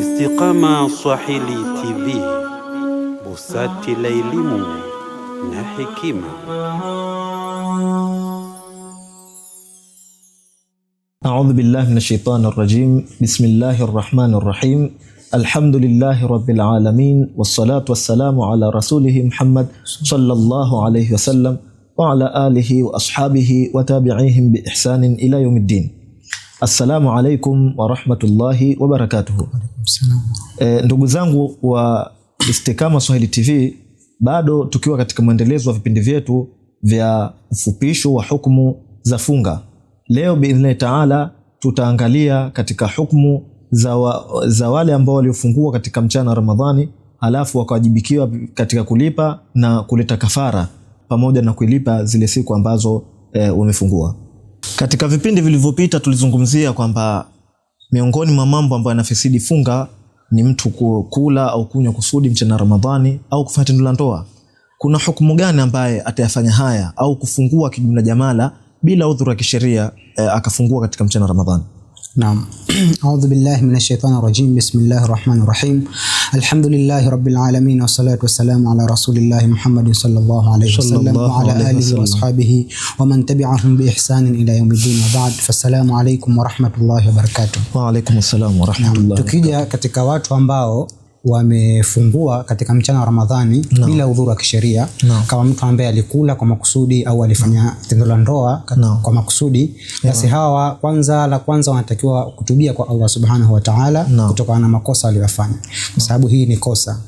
Istiqama Swahili TV, busati la elimu na hekima. A'udhu billahi minash shaitani rrajim. Bismillahir rahmanir rahim. Alhamdulillahi rabbil alamin wassalatu wassalamu ala rasulih Muhammad sallallahu alayhi wasallam wa ala alihi wa ashabihi wa tabi'ihim bi ihsanin ila yaumiddin. Assalamu alaikum warahmatullahi wabarakatuhu. E, eh, ndugu zangu wa Istiqama Swahili TV, bado tukiwa katika mwendelezo wa vipindi vyetu vya ufupisho wa hukumu za funga. Leo biidhnillahi taala tutaangalia katika hukumu za, wa, za wale ambao waliofungua katika mchana wa Ramadhani halafu wakawajibikiwa katika kulipa na kuleta kafara pamoja na kuilipa zile siku ambazo e, eh, wamefungua. Katika vipindi vilivyopita tulizungumzia kwamba miongoni mwa mambo ambayo yanafisidi funga ni mtu kula au kunywa kusudi mchana Ramadhani au kufanya tendo la ndoa. Kuna hukumu gani ambaye atayafanya haya au kufungua kijumla jamala bila udhuru wa kisheria e, akafungua katika mchana Ramadhani? Naam. A'udhu billahi minash shaitani rajim. Bismillahir rahmanir rahim الحمد لله رب العالمين والصلاة والسلام على رسول الله محمد صلى الله عليه وسلم وعلى آله وأصحابه ومن تبعهم بإحسان إلى يوم الدين وبعد فالسلام عليكم ورحمة الله وبركاته وعليكم السلام ورحمة الله tukija katika watu ambao wamefungua katika mchana wa Ramadhani no. bila udhuru wa kisheria no. kama mtu ambaye alikula kwa makusudi au alifanya no. tendo la ndoa no. kwa makusudi basi yeah. hawa kwanza, la kwanza wanatakiwa kutubia kwa Allah subhanahu wa ta'ala no. kutokana na makosa waliyofanya no. kwa sababu hii ni kosa.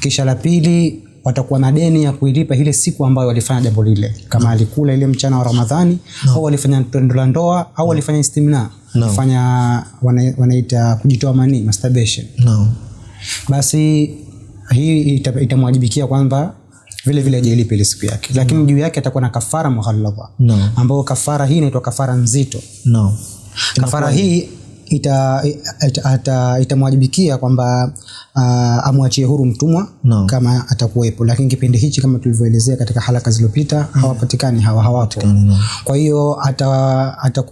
Kisha la pili watakuwa na deni ya kuilipa ile siku ambayo walifanya jambo lile, kama no. alikula ile mchana wa Ramadhani no. au walifanya tendo la ndoa au walifanya istimna no. fanya wanaita kujitoa manii masturbation no basi hii itamwajibikia kwamba vile vile ajilipe ile siku yake, lakini juu yake atakuwa na kafara mughallaba no. ambayo kafara hii inaitwa kafara nzito no. kafara hii itamwajibikia ita, ita, ita kwamba uh, amwachie huru mtumwa no. kama atakuwepo, lakini kipindi hichi kama tulivyoelezea katika halaka zilizopita yeah. Mm. hawapatikani hawa hawapo. Kwa hiyo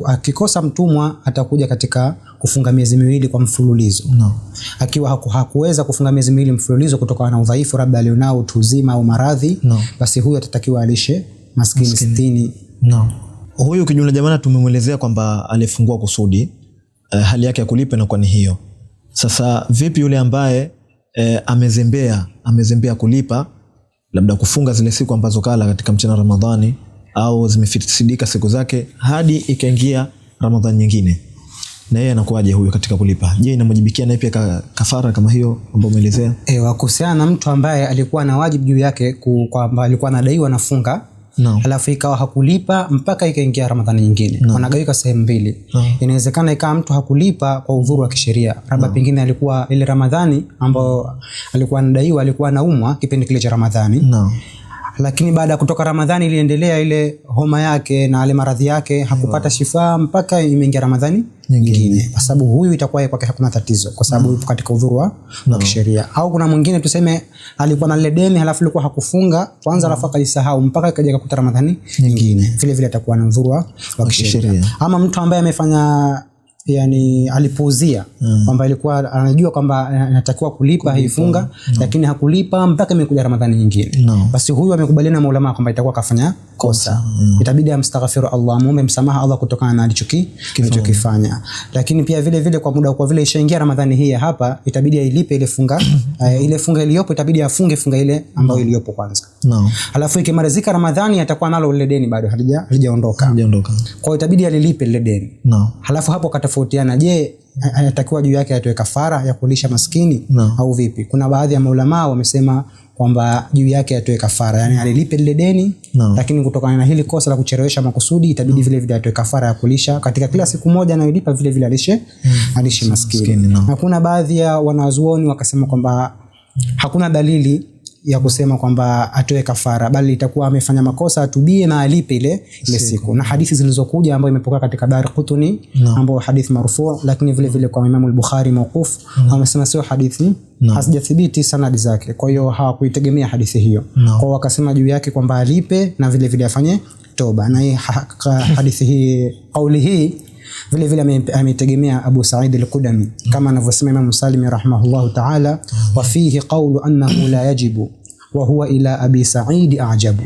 akikosa mtumwa atakuja katika kufunga miezi miwili kwa mfululizo no. Akiwa haku, hakuweza kufunga miezi miwili mfululizo kutokana na udhaifu labda alionao, utuzima au maradhi no. basi huyu atatakiwa alishe maskini sitini no. Huyu kijumla jamana, tumemwelezea kwamba alifungua kusudi uh, hali yake ya kulipa inakuwa ni hiyo. Sasa vipi yule ambaye uh, amezembea amezembea kulipa, labda kufunga zile siku ambazo kala katika mchana Ramadhani au zimefisidika siku zake hadi ikaingia Ramadhani nyingine, na yeye anakuwaje huyo katika kulipa? Je, inamwajibikia naye pia ka, kafara kama hiyo ambayo umeelezea? Eh, wakuhusiana na mtu ambaye alikuwa na wajibu juu yake kwamba alikuwa anadaiwa nafunga no. alafu ikawa hakulipa mpaka ikaingia Ramadhani nyingine no. wanagawika sehemu mbili no. inawezekana ikawa mtu hakulipa kwa udhuru wa kisheria labda no. pengine alikuwa ile Ramadhani ambayo alikuwa anadaiwa alikuwa anaumwa kipindi kile cha Ramadhani no lakini baada ya kutoka Ramadhani iliendelea ile homa yake na ale maradhi yake, hakupata shifaa mpaka imeingia Ramadhani nyingine, kwa sababu huyu itakuwa kwake hakuna tatizo, kwa sababu yupo katika udhuru wa kisheria. Au kuna mwingine tuseme alikuwa na lile deni, halafu alikuwa hakufunga kwanza, alafu akajisahau mpaka ikaja kukuta Ramadhani nyingine, vile vile atakuwa na udhuru wa kisheria. Ama mtu ambaye amefanya yani ni kwamba mm. kwamba ilikuwa anajua kwamba anatakiwa kulipa, kulipa hii funga no. Mm. lakini hakulipa mpaka imekuja Ramadhani nyingine no. Basi huyu amekubaliana na maulama kwamba itakuwa kafanya kosa mm. itabidi amstaghfiru Allah, muombe msamaha Allah kutokana na alichoki kilichokifanya. Lakini pia vile vile kwa muda, kwa vile ishaingia Ramadhani hii hapa, itabidi ailipe ile funga uh, ile funga iliyopo itabidi afunge funga ile ambayo mm. iliyopo kwanza no. alafu ikimalizika Ramadhani atakuwa nalo ile deni bado halija halijaondoka, halijaondoka, kwa hiyo itabidi alilipe ile deni no. alafu hapo katafautiana, je anatakiwa juu yake atoe kafara ya kulisha maskini no. au vipi? Kuna baadhi ya maulamaa wamesema kwamba juu yake atoe kafara, yani alilipe lile deni no. Lakini kutokana na hili kosa la kucherewesha makusudi itabidi no. vile vile atoe kafara ya kulisha katika kila siku moja anayolipa, vile vile alishe mm. alishe maskini no. Na kuna baadhi ya wanazuoni wakasema kwamba mm. hakuna dalili ya kusema kwamba atoe kafara, bali itakuwa amefanya makosa atubie na alipe ile ile siku, na hadithi zilizokuja ambayo imepokea katika Dar Qutni no. ambayo hadithi marufu, lakini vile vile kwa Imam al-Bukhari mauquf no. amesema sio hadithi no. hasijathibiti sanadi zake, kwa hiyo hawakuitegemea hadithi hiyo no. kwa wakasema juu yake kwamba alipe na vile vile afanye toba, na hii hadithi hii kauli hii vile vile ametegemea Abu Sa'id al-Qudami kama anavyosema Imam Salim rahimahullah ta'ala, wa fihi qawlu annahu la yajibu wa huwa ila Abi Sa'id ajabu,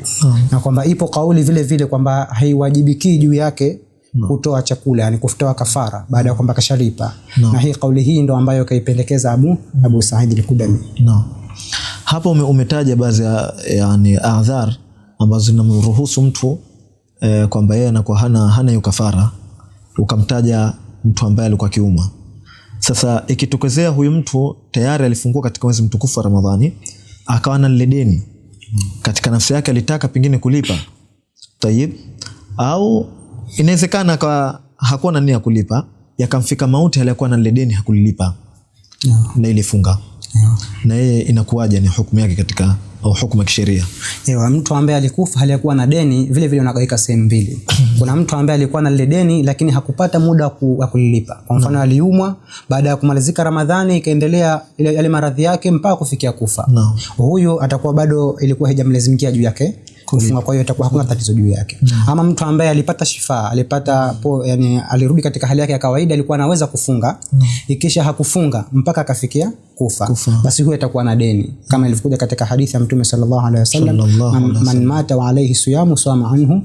na kwamba ipo kauli vile vile kwamba haiwajibiki juu yake kutoa chakula yani kufutoa kafara baada ya kwamba kashalipa Na hii kauli hii ndo ambayo kaipendekeza Abu Abu Said al qudami Hapo umetaja baadhi ya yani adhar ambazo zinamruhusu mtu eh, kwamba yeye anakuwa hana hiyo hana kafara ukamtaja mtu ambaye alikuwa kiuma. Sasa ikitokezea huyu mtu tayari alifungua katika mwezi mtukufu wa Ramadhani, akawa na lile deni katika nafsi yake, alitaka pengine kulipa tayib, au inawezekana akawa hakuwa na nia ya kulipa, yakamfika mauti aliyekuwa na lile deni hakulilipa, na ilifunga na yeye inakuwaje? Ni hukumu yake katika au hukumu ya kisheria. Ewa, mtu ambaye alikufa hali na deni vile vile unagawika sehemu mbili. Kuna mtu ambaye alikuwa na lile deni lakini hakupata muda wa kulilipa. Kwa mfano, mm. aliumwa baada ya kumalizika Ramadhani ikaendelea yale maradhi yake mpaka kufikia kufa. Huyo atakuwa bado ilikuwa haijamlazimikia juu yake kufunga, kwa hiyo itakuwa hakuna tatizo juu yake. Mm. Ama mtu ambaye alipata shifa, alipata po, yani alirudi katika hali yake ya kawaida, alikuwa anaweza kufunga, mm. ikisha hakufunga mpaka akafikia kufa, kufa, basi huyo atakuwa na deni, kama ilivyokuja katika hadithi ya Mtume sallallahu alaihi wasallam, man, man mata wa alaihi siyamu sama anhu,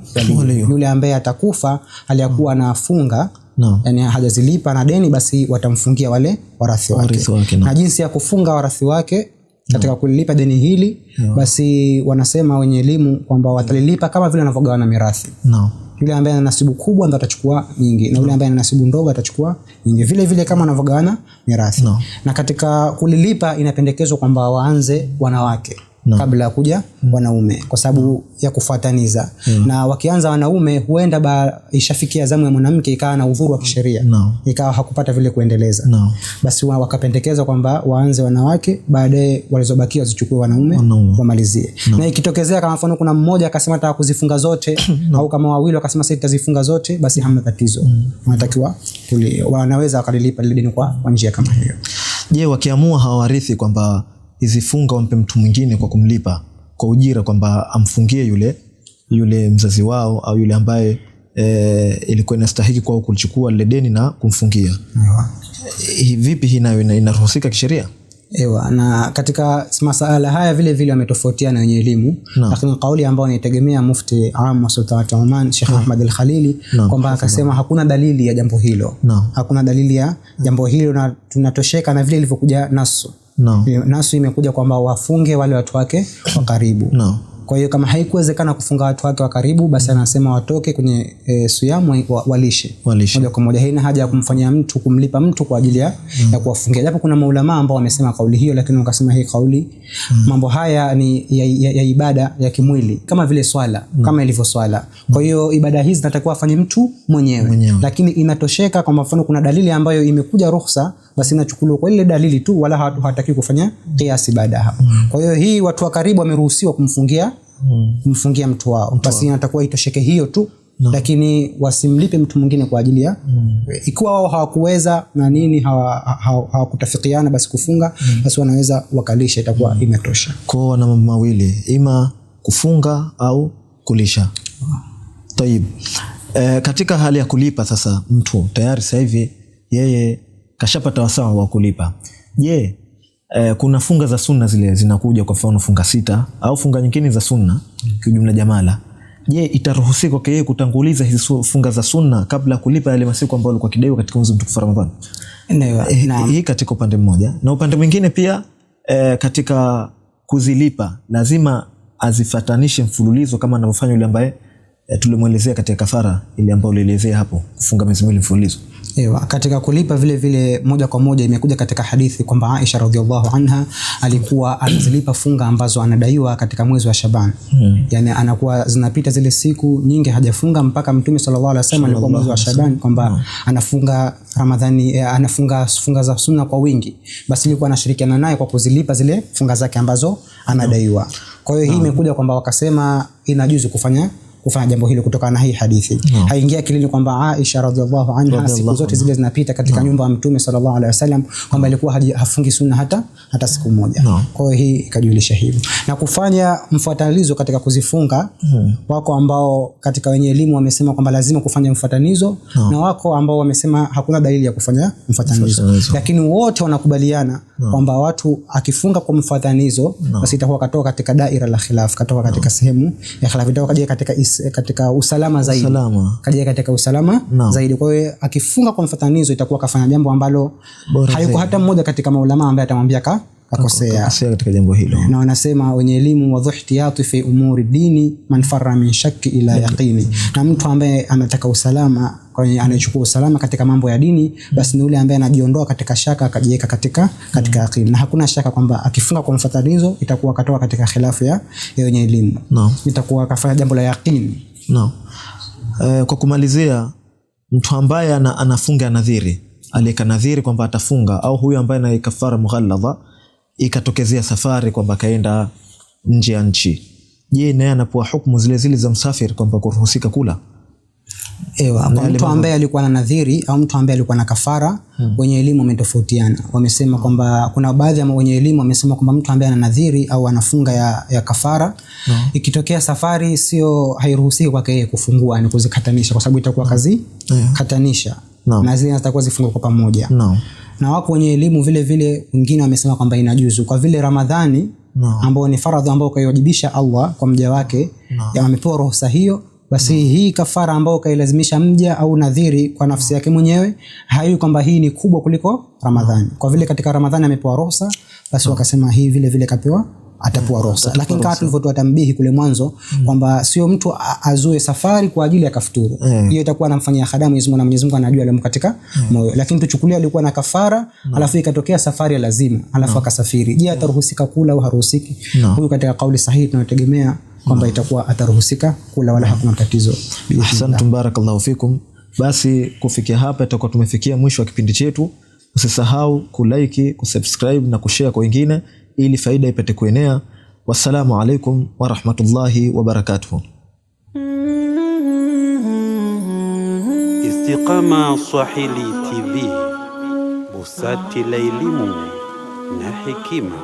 yule ambaye atakufa aliyakuwa mm. anafunga No. Yani hajazilipa na deni, basi watamfungia wale warathi wake, wake no. Na jinsi ya kufunga warathi wake katika kulilipa deni hili no. Basi wanasema wenye elimu kwamba watalilipa kama vile wanavyogawana mirathi no. Yule ambaye ana nasibu kubwa ndo atachukua nyingi na yule ambaye ana nasibu ndogo atachukua nyingi vile vile kama wanavyogawana mirathi no. Na katika kulilipa inapendekezwa kwamba waanze wanawake no. kabla ya kuja mm. wanaume kwa sababu ya kufuataniza mm. na wakianza wanaume huenda ba ishafikia zamu ya mwanamke ikawa na uhuru wa kisheria no. ikawa hakupata vile kuendeleza no. basi wa, wakapendekeza kwamba waanze wanawake baadaye walizobakia wazichukue wanaume no. wamalizie no. na ikitokezea kama mfano kuna mmoja akasema taka kuzifunga zote no. au kama wawili wakasema sasa itazifunga zote basi hamna tatizo mm. wanatakiwa wanaweza wakalilipa lile deni kwa njia kama hiyo je wakiamua hawawarithi kwamba hizi funga wampe mtu mwingine kwa kumlipa kwa ujira, kwamba amfungie yule yule mzazi wao au yule ambaye e, ilikuwa inastahiki kwao kulichukua lile deni na kumfungia. Eh, vipi hii nayo inaruhusika kisheria? Ewa, na katika masala haya vile vile wametofautiana wenye elimu no. Lakini kauli ambayo anaitegemea Mufti Am wa Sultanat Oman Sheikh no. Ahmad Al-Khalili no. kwamba akasema hakuna dalili ya jambo hilo no. Hakuna dalili ya jambo hilo na tunatosheka na vile ilivyokuja nasu no. Nasu imekuja kwamba wafunge wale watu wake wa karibu no. Kwa hiyo kama haikuwezekana kufunga watu wake wa karibu, basi anasema watoke kwenye e, suyamu wa, walishe moja kwa moja. Haina haja ya kumfanyia mtu kumlipa mtu kwa ajili ya mm. ya kuwafungia, japo kuna maulamaa ambao wamesema kauli hiyo, lakini wakasema hii kauli mm. mambo haya ni ya, ya, ya ibada ya kimwili kama vile swala mm. kama ilivyo swala. Kwa hiyo ibada hizi zinatakiwa afanye mtu mwenyewe, mwenyewe, lakini inatosheka. Kwa mfano, kuna dalili ambayo imekuja ruhusa mm basi inachukuliwa kwa ile dalili tu, wala hatu hataki kufanya kiasi baada hapo mm. Kwa hiyo hii watu wa karibu wameruhusiwa kumfungia mm. kumfungia mtu wao, basi inatakuwa itosheke hiyo tu No. Lakini wasimlipe mtu mwingine kwa ajili ya mm. Ikiwa wao hawakuweza na nini hawakutafikiana hawa, hawa basi kufunga mm. Basi wanaweza wakalisha, itakuwa mm. imetosha. Kwao wana mambo mawili, ima kufunga au kulisha. Tayib. E, eh, katika hali ya kulipa sasa, mtu tayari sasa hivi yeye kashapata wasawa wa kulipa. Je, eh, kuna funga za sunna zile zinakuja, kwa mfano funga sita au funga nyingine za sunna kiujumla jamala. Je, itaruhusiwa kwake yeye kutanguliza hizo funga za sunna kabla ya kulipa yale masiku ambayo alikuwa kidaiwa katika mwezi mtukufu Ramadhani? Eh, hii katika upande mmoja, na upande mwingine pia eh, katika kuzilipa lazima azifatanishe mfululizo kama anavyofanya yule ambaye eh, tulimwelezea katika kafara ile ambayo ulielezea hapo, kufunga miezi miwili mfululizo. Ewa, katika kulipa vile vile moja kwa moja imekuja katika hadithi kwamba Aisha radhiallahu anha alikuwa anazilipa funga ambazo anadaiwa katika mwezi wa Shaban. Hmm. Yaani anakuwa zinapita zile siku nyingi hajafunga mpaka Mtume sallallahu alaihi wasallam alikuwa mwezi wa Shaban kwamba hmm, anafunga Ramadhani eh, anafunga funga za sunna kwa wingi. Basi ilikuwa anashirikiana naye kwa kuzilipa zile funga zake ambazo anadaiwa. Hmm. Kwa hiyo hii hmm. imekuja kwamba wakasema inajuzi kufanya kufanya jambo hilo kutokana na hii hadithi no. Haingia akilini kwamba Aisha radhiallahu anha siku zote zile zinapita katika no. nyumba ya Mtume sallallahu alaihi wasallam kwamba alikuwa no. hafungi sunna hata hata siku moja no. Kwa hiyo hii ikajulisha hivyo na kufanya mfuatanizo katika kuzifunga no. Wako ambao katika wenye elimu wamesema kwamba lazima kufanya mfuatanizo no. Na wako ambao wamesema hakuna dalili ya kufanya mfuatanizo, lakini wote wanakubaliana no. kwamba watu akifunga kwa mfuatanizo no. basi itakuwa katoka katika daira la khilaf, katoka katika no. sehemu ya khilaf, itakuwa katika Eh, katika usalama zaidi usalama. Kaja katika usalama no. zaidi. Kwa hiyo akifunga kwa mfatanizo itakuwa kafanya jambo ambalo hayuko hata mmoja katika maulama ambaye atamwambia ka akosea katika jambo hilo, na wanasema wenye elimu, wadhu ihtiyati fi umuri dini man min shakki ila yaqini, na mtu ambaye anataka usalama anachukua usalama katika mambo ya dini, basi ni yule ambaye anajiondoa katika shaka akajiweka katika katika yaqini. Na hakuna shaka kwamba akifunga kwa mfatanizo itakuwa katoka katika khilafu ya wenye elimu no. itakuwa kafanya jambo la yaqini no. Eh, kwa kumalizia, mtu ambaye anafunga nadhiri aliyeka nadhiri kwamba atafunga au huyu ambaye anaikafara mughalladha ikatokezea safari kwamba kaenda nje ya nchi, je, naye anapewa hukumu zile zile za msafiri kwamba kuruhusika kula? Ewa, kwa mtu ambaye alikuwa na nadhiri au mtu ambaye alikuwa na kafara hmm. Wenye elimu wametofautiana, wamesema kwamba kuna baadhi ya wenye elimu wamesema kwamba mtu ambaye ana nadhiri au anafunga ya, ya kafara hmm. Ikitokea safari sio hairuhusiwi kwake yeye kufungua, ni kuzikatanisha kwa sababu itakuwa hmm. kazi hmm. katanisha no. na zile zitakuwa zifungwa kwa pamoja no na wako wenye elimu vile vile wengine wamesema kwamba inajuzu kwa vile Ramadhani no. ambao ni faradhi ambao kaiwajibisha Allah kwa mja wake no. amepewa ruhusa hiyo basi no. hii kafara ambayo kailazimisha mja au nadhiri kwa nafsi yake mwenyewe hayui kwamba hii ni kubwa kuliko Ramadhani. Kwa vile katika Ramadhani amepewa ruhusa, basi wakasema hii vile vile kapewa atapewa ruhusa. Lakini kama tulivyotoa tambihi kule mwanzo mm. kwamba sio mtu azue safari kwa ajili ya kafuturu, mm. hiyo itakuwa anamfanyia khadama Mwenyezi Mungu, na Mwenyezi Mungu anajua aliyomo katika mm. moyo. Lakini tuchukulia alikuwa na kafara, alafu ikatokea safari ya lazima, alafu akasafiri, je, ataruhusika kula au haruhusiki? Huyu katika kauli sahihi tunategemea kwamba itakuwa ataruhusika kula wala hakuna tatizo. Ahsantum, barakallahu fikum. Basi kufikia hapa tutakuwa tumefikia mwisho wa kipindi chetu. Usisahau kulike, kusubscribe na kushare kwa wengine ili faida ipate kuenea. Wassalamu alaikum warahmatullahi wabarakatuh. Istiqama Swahili TV, busati la elimu na hekima.